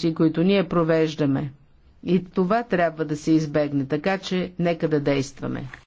дискусии, които ние провеждаме. И това трябва да се избегне, така че нека да действаме.